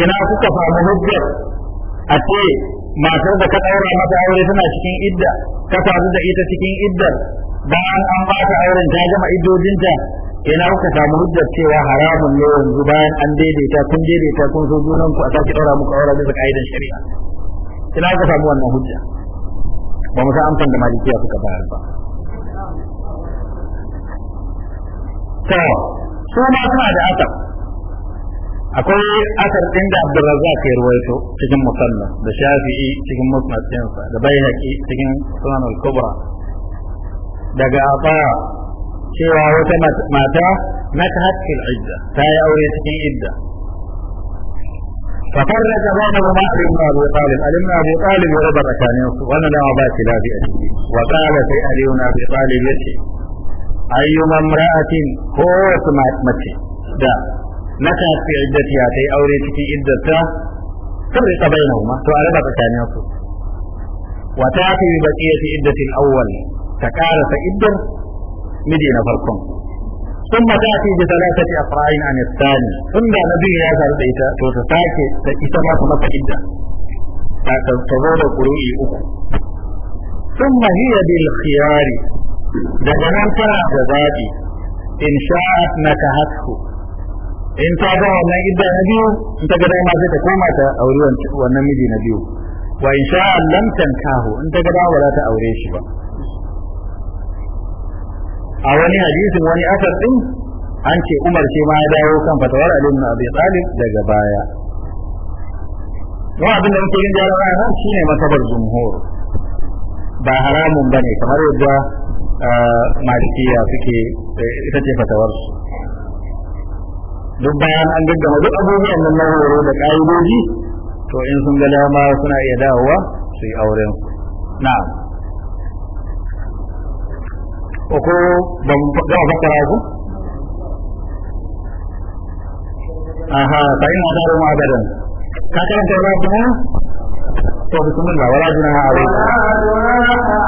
ina kuka samu hujjar a ce matar da ka daura mata aure tana cikin idda ka sadu da ita cikin iddar bayan an ba ta auren ta gama iddojinta ina kuka samu hujjar cewa haramun ne yanzu bayan an daidaita kun daidaita kun so junan ku a sake daura muku aure bisa ka'idar shari'a ina kuka samu wannan hujja ba mu san amfan da malikiya suka bayar ba to su ma suna da asar akwai asar din da Abdurrazzaq ya ruwaito cikin musalla da Shafi'i cikin musnad ɗinsa da Baihaqi cikin Sunan al-Kubra daga Aba cewa wata mata na ta hakkin idda ta yi aure cikin idda ففرج بينهما علي بن ابي طالب علي بن ابي طالب يغبر كان وانا لا اباك لا بأسي وقال في علي بن ابي طالب يسي ayyuma imra'atin ko wasu mace da na tafi iddatiya ta yi aure cikin iddata sun rika bainahuma to a raba tsakanin su wa ta fi baqiyati iddatil awwal ta karasa iddar miji na farkon ثم تأتي بثلاثة أفراع عن الثاني ثم نبي يا سالة إتا توتتاك إتا ما تمت إدا تظهر قروئي أكو ثم هي بالخيار daga nan tana da zaɓi in sha'at na ka in ta ga wannan idda na biyu in ta ga dama sai ta koma ta aure wannan miji na biyu wa in sha'a lam tankahu in ta ga dama ba za ta aure shi ba a wani hadisin wani asar din an ce Umar ce ma ya dawo kan fatawar Ali na Abi Talib daga baya wa abin da muke yin jarabawa shine masabar jumhur ba haramun ba ne kamar yadda malikiya suke eh, ita ce fatawar su duk bayan an gaggama duk abubuwan nan na horo da ka'idoji to in sun ga dama suna iya dawowa su yi auren Na. ko ban gama fassara ku aha fa ina da ruwa da dan ka karanta ba to bismillah wala junaha alaykum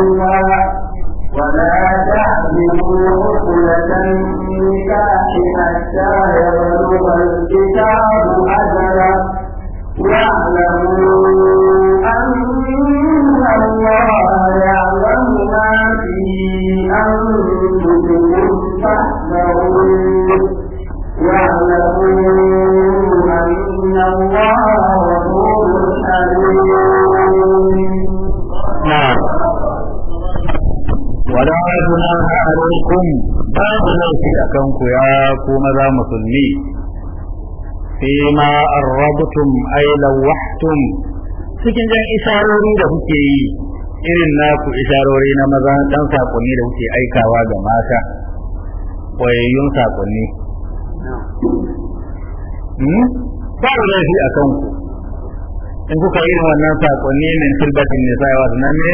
الله kanku ya ku maza musulmi fima arrabtum ay lawhtum cikin jan isarori da kuke yi irin naku isarori na maza dan sakonni da kuke aikawa ga mata koyayyun sakonni hmm? ba da laifi a kanku in kuka yi wannan sakonni min silbatin ne sai wasu nan ne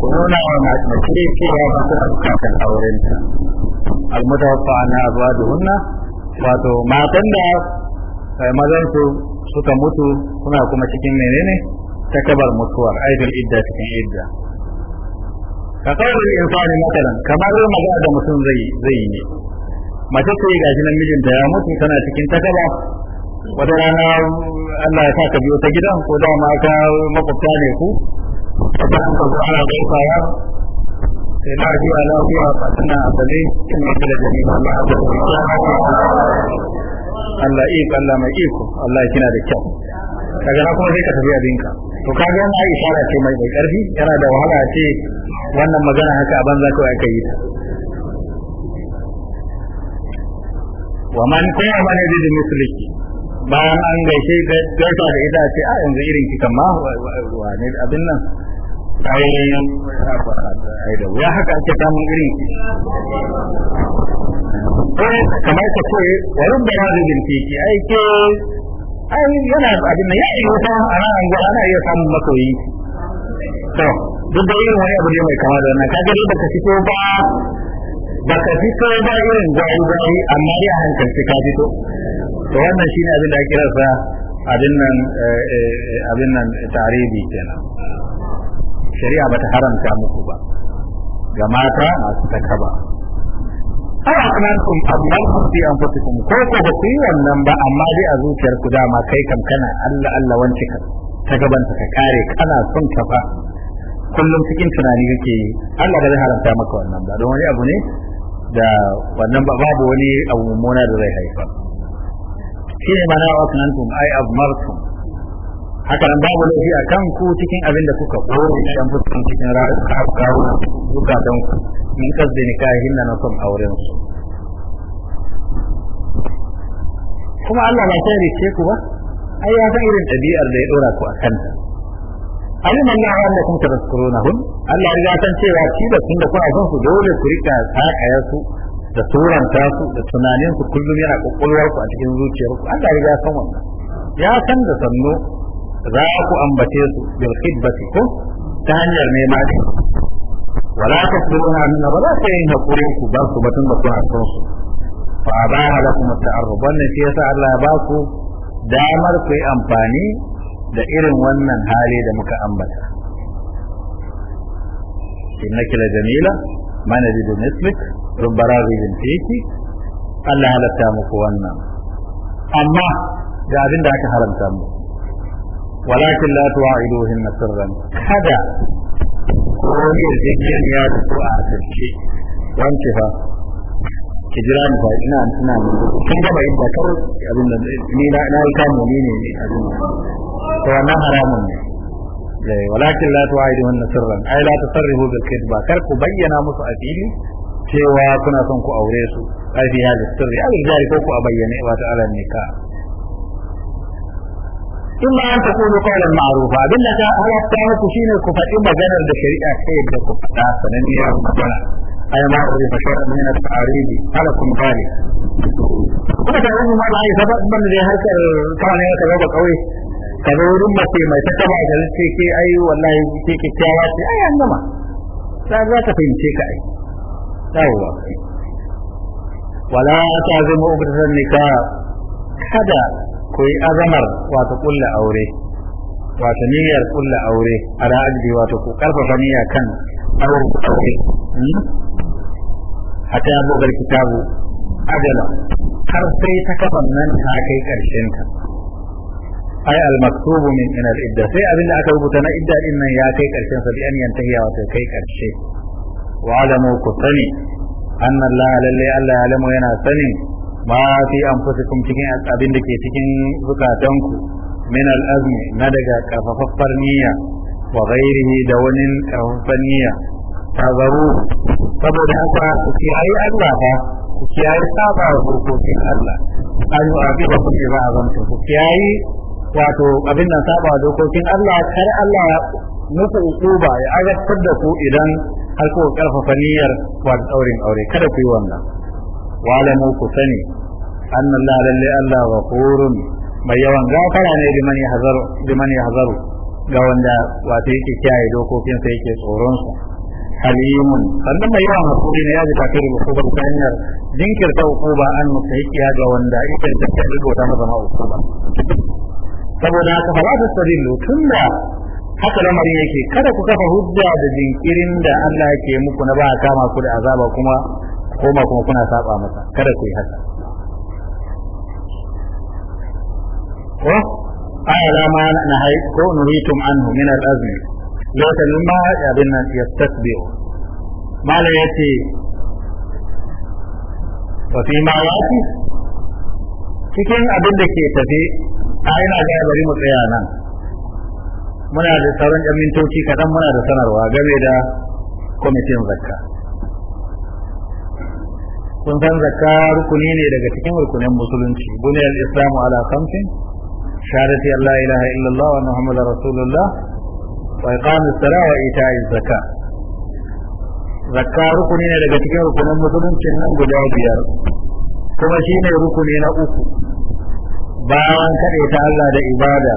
ku nuna wa mace cewa ba su bukatar aurenta almutawaffa na azwajuhunna wato matan da eh, mazan su suka mutu suna kuma cikin menene takabar mutuwar aidul idda cikin idda ka kawai insani matsalan kamar magana da mutum zai zai ne mace ce ga shi namijin da ya mutu tana cikin takaba wata rana Allah ya sa ka biyo ta gidan ko dama ka makwabta ne ku ta kan ka zo ana gaisawa نرجو أن أوفي أوقاتنا أبدين إن كل جميع ما Allah iko Allah mai iko Allah kina da kyau daga na kuma zai ka tafi abinka to ka ga wannan isara ce mai mai karfi yana da wahala ce wannan magana haka a banza kawai aka yi wa man kana yi yadi da misliki bayan an gaishe da gaisa da ita ce a yanzu irin ki kama wa ne abin nan ai da ya haka ake samun irin shi kamar ka ce warin da ya rubin teki ai ai yana abin ya yi wata a ranar gwa ana iya samun makoyi to duk da irin wani abu ne mai kama da wannan kaga dai baka fito ba baka fito ba irin gwayi gwayi amma dai a hankalci ka fito to wannan shine abin da ake rasa abin nan eh, eh, eh, abin nan tarihi kenan shari'a bata haramta muku ba ga mata masu takaba ai aknankum abyankum fi anfusikum ko ko ba ku yi wannan ba amma dai a zuciyar ku dama kai kam kana Allah Allah wance ka ta gabanta ka kare kana son ka fa kullum cikin tunani kake yi Allah ba zai haramta maka wannan ba don wani abu ne da wannan ba babu wani abu mummuna da zai haifa shi ne mana wa aknantum ai abmartum haka nan babu laifi a kan ku cikin abin da kuka kore shan fuskan cikin ra'ayuka afkaru zukatan ku min kasde nikahin na son auren su kuma Allah ba sai rike ku ai ya san irin ɗabi'ar da ya dora ku a kanta alim Allah kun ta hun Allah ya san cewa shi da kun da kuna son su dole ku rika tsakaya su da turanta su da tunanin su kullum yana kokolwar ku a cikin zuciyar ku Allah ya san wannan ya san da sannu za ku ambace su bil khidbati ko ta hanyar mai maki wala tasbiruna nuna ba za ku yi hakurin ku ba su batun da ku hakan su fa abaha lakum at-ta'arrub wannan shi yasa Allah ya ba ku damar ku yi amfani da irin wannan hali da muka ambata Inna kila jamila mana bi mislik rubbara bi fiki Allah halatta muku wannan amma ga abin da aka haramta muku walakin la tuwa'iduhin sirran kada ko yarjejen ya ko a asirce wance fa ki jira mu fa ina ina kin gaba yadda kar abin da ni na na yi kamu ne ne abin to wannan haramun ne walakin sirran ai la tasarrifu bil kidba ku bayyana musu a fili cewa kuna son ku aure su ai bi hadis sirri ai ko ku a bayyane wata alan nikah إما أن تقولوا قولا معروفا أبن لك هل أفتعوا تشين الكفاء إما جنر دا شريعة كيب دا كفاء سننية ومجنة أي ما أعرف شيئا من التعريب فلكم ذلك kuma ta wani mara ai sabab ban da harkar kawai ne ka ba kawai ka zo wurin mace mai ta taba da ce ke ai wallahi ke ke kyawa ce ai an gama ta za ta fahimce ka ai yawwa wala ta zama ubatan nika kada ku yi azamar wata kulla aure wata niyyar kulla aure a ra'aji wata ku karfafa niyya kan aure aure hmm? Hata ya bugar kitabu ajala har sai ta kafa nan ta kai karshen ka. ai al-maktubu min min al-idda sai abinda aka rubuta na idda din nan ya kai karshen sa bi an yantahiya wato kai karshe wa alamu ku sani anna Allah Allah ya alamu yana sani. ma fi anfusikum cikin abin da ke cikin zukatanku min al'azmi na daga karfafaffar niyya wa ghairihi da wani karfafaffar niyya tazaru saboda haka ku kiyaye Allah fa ku kiyaye saba hukumin Allah an yi abin da kuma ba a zanta ku kiyaye wato abin nan saba dokokin Allah kar Allah ya muku ukuba ya azabtar da ku idan har ku karfafa niyyar wa daurin aure kada ku yi wannan walamu ku sani annan anna Allah wa furun mai yawan gafara ne liman yahzaru liman yahzaru ga wanda wata yake kiyaye dokokin sa yake tsoron su halimun sannan mai yawan hakuri ne ya ji kafiri ba ta hanyar jinkirta hukuma an mutaikiya ga wanda yake da ta rubuta masa ma hukuma saboda haka za ta sadilu da haka lamari yake kada ku kafa hujja da jinkirin da Allah yake muku na ba kama ku da azaba kuma koma kuma kuna saba masa kada ku yi haka ko ayala ma na hay ko nuhitum anhu min al-azmi lokacin ma abin nan ya tasbihu mala yace wa fi ma wati cikin abin da ke tafi a ina ga bari mu tsaya nan muna da sauran yan mintoci kaɗan muna da sanarwa game da kwamitin zakka kun san zakka rukuni ne daga cikin rukunin musulunci buniyal islamu ala khamsin shahadati an la ilaha illallah wa muhammadar rasulullah wa iqamis salah wa ita'iz zakka zakka rukuni ne daga cikin rukunin musulunci nan guda biyar kuma shine rukuni na uku bayan ta Allah da ibada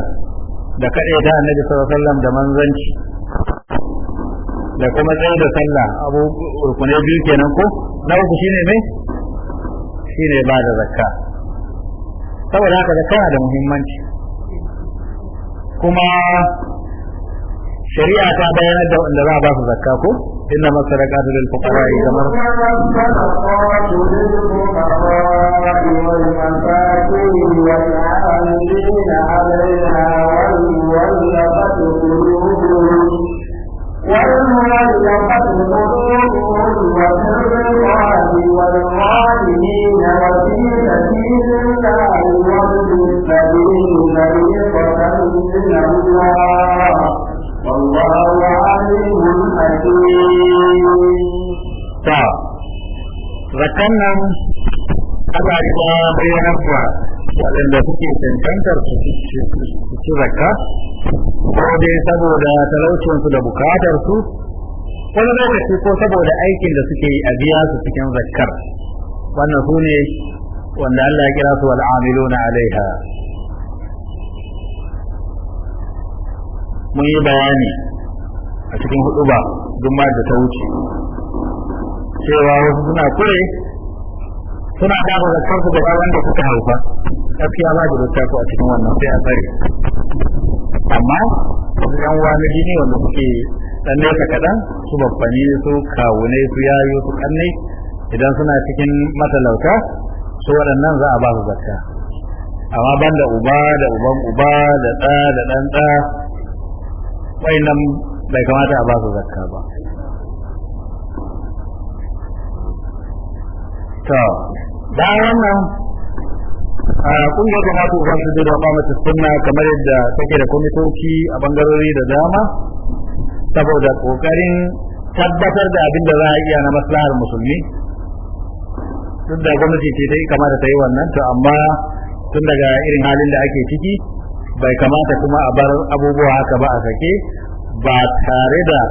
da kaɗaita annabi sallallahu alaihi wasallam da manzanci da kuma tsaye da sallah abu rukunai biyu kenan ko na uku shine mai shine ba da zakka saboda haka zakka na da muhimmanci kuma shari'a ta bayyana da wanda za a ba su zakka ko inna masadaqatu lil fuqara'i kamar والمساكين Ta, zakan nan, ana yi ba bayanan waɗanda suke cancantar su ci zakka ko dai saboda talaucinsu da bukatarsu wani lokaci ko saboda aikin da suke yi a biya su cikin zakkar wannan su ne wanda Allah ya kira su na alaiha mun yi bayani a cikin hudu ba juma'ar da ta wuce cewa wasu suna kure suna dafa zakkar su gaba wanda suka haifa gaskiya ba da littafi a cikin wannan sai a tsare amma yan walidi ne wanda suke dan nesa kaɗan su babbani su kawunai su yayo su kannai idan suna cikin matalauta su waɗannan za a ba su zakka amma ban da uba da uban uba da ɗa da ɗan ɗa nan bai kamata a ba su zakka ba to bayan wannan kungiyar da mata ba su da ba kamar yadda take da komitoci a bangarori da dama saboda kokarin tabbatar da abin da za a iya na maslahar musulmi duk da gwamnati ce ta yi kamata ta yi wannan to amma tun daga irin halin da ake ciki bai kamata kuma a bar abubuwa haka ba a sake ba tare da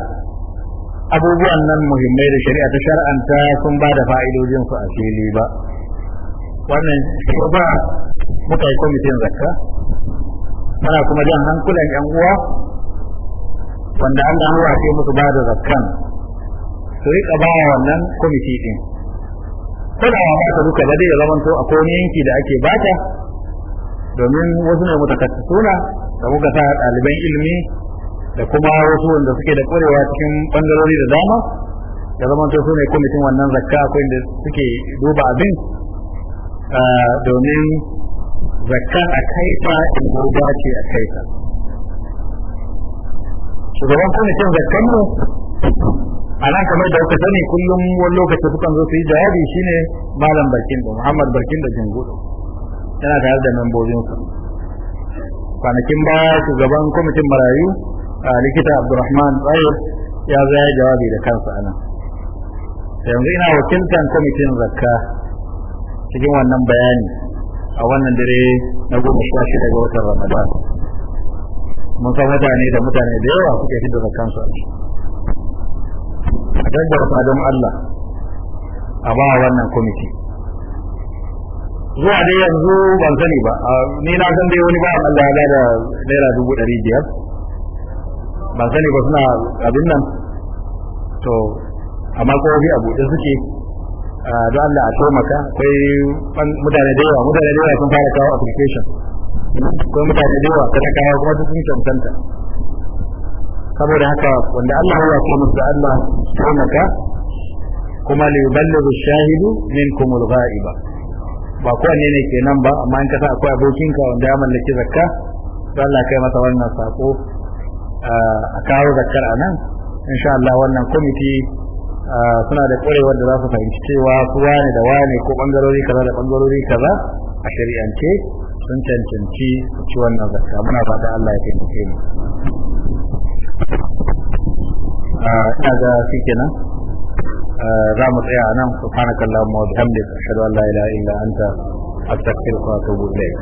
abubuwan nan muhimmai da shari'a ta shar'anta sun ba da fa'idojinsu a fili ba wannan shugaba muka yi kwamitin zakka ana kuma jan hankulan yan uwa wanda an an ce musu ba da zakkan su rika ba wannan komiti din kulawa ba ta duka da dai zaman to akwai wani yanki da ake bata domin wasu ne mutakassuna da kuka sa ɗaliban ilimi da kuma wasu wanda suke da kwarewa cikin bangarori da dama da zaman to su ne komitin wannan zakka akwai da suke duba abin domin zakka a kaifa in gobe ce a kai kaifa shugaban kwamitin zakkan mu a nan kamar da aka sani kullum wani lokaci kukan zo su yi jawabi shine malam barkin da muhammad barkin da jingudu yana tare da membobinsa kwanakin ba shugaban kwamitin marayu a likita abdurrahman tsayir ya zaya jawabi da kansa a nan yanzu ina wakiltan kwamitin zakka cikin wannan bayani a wannan dare na goma sha shi daga watan ramadan mun san mutane da mutane da yawa suke fidda da kansu a don barka don Allah a ba wannan kwamiti zuwa dai yanzu ban sani ba ni na san dai wani ba Allah ya da naira dubu ɗari biyar ban sani ba suna abin nan to amma kofi a buɗe suke Ah, don Allah a taimaka akwai mutane da yawa mutane da yawa sun fara kawo application ko mutane da yawa ta kawo kuma da sun tantanta saboda haka wanda Allah ya ce musu Allah taimaka kuma li yuballighu shahidu minkum al-ghaiba ba ko ne kenan ba amma in ka sa akwai abokinka wanda ya mallaki zakka to Allah kai masa wannan sako ah, a kawo zakkar anan insha Allah wannan kwamiti Ah, suna da ƙwarewar da za su fahimci cewa su wane da wane ko bangarori kaza da bangarori kaza a shari'ance sun cancanci su ci wannan zakka muna fata Allah ya taimake mu ah, ina ga shi kenan ah, za mu tsaya a nan subhanakallahumma wa bihamdika ashhadu an la ilaha illa anta astaghfiruka wa atubu ilayk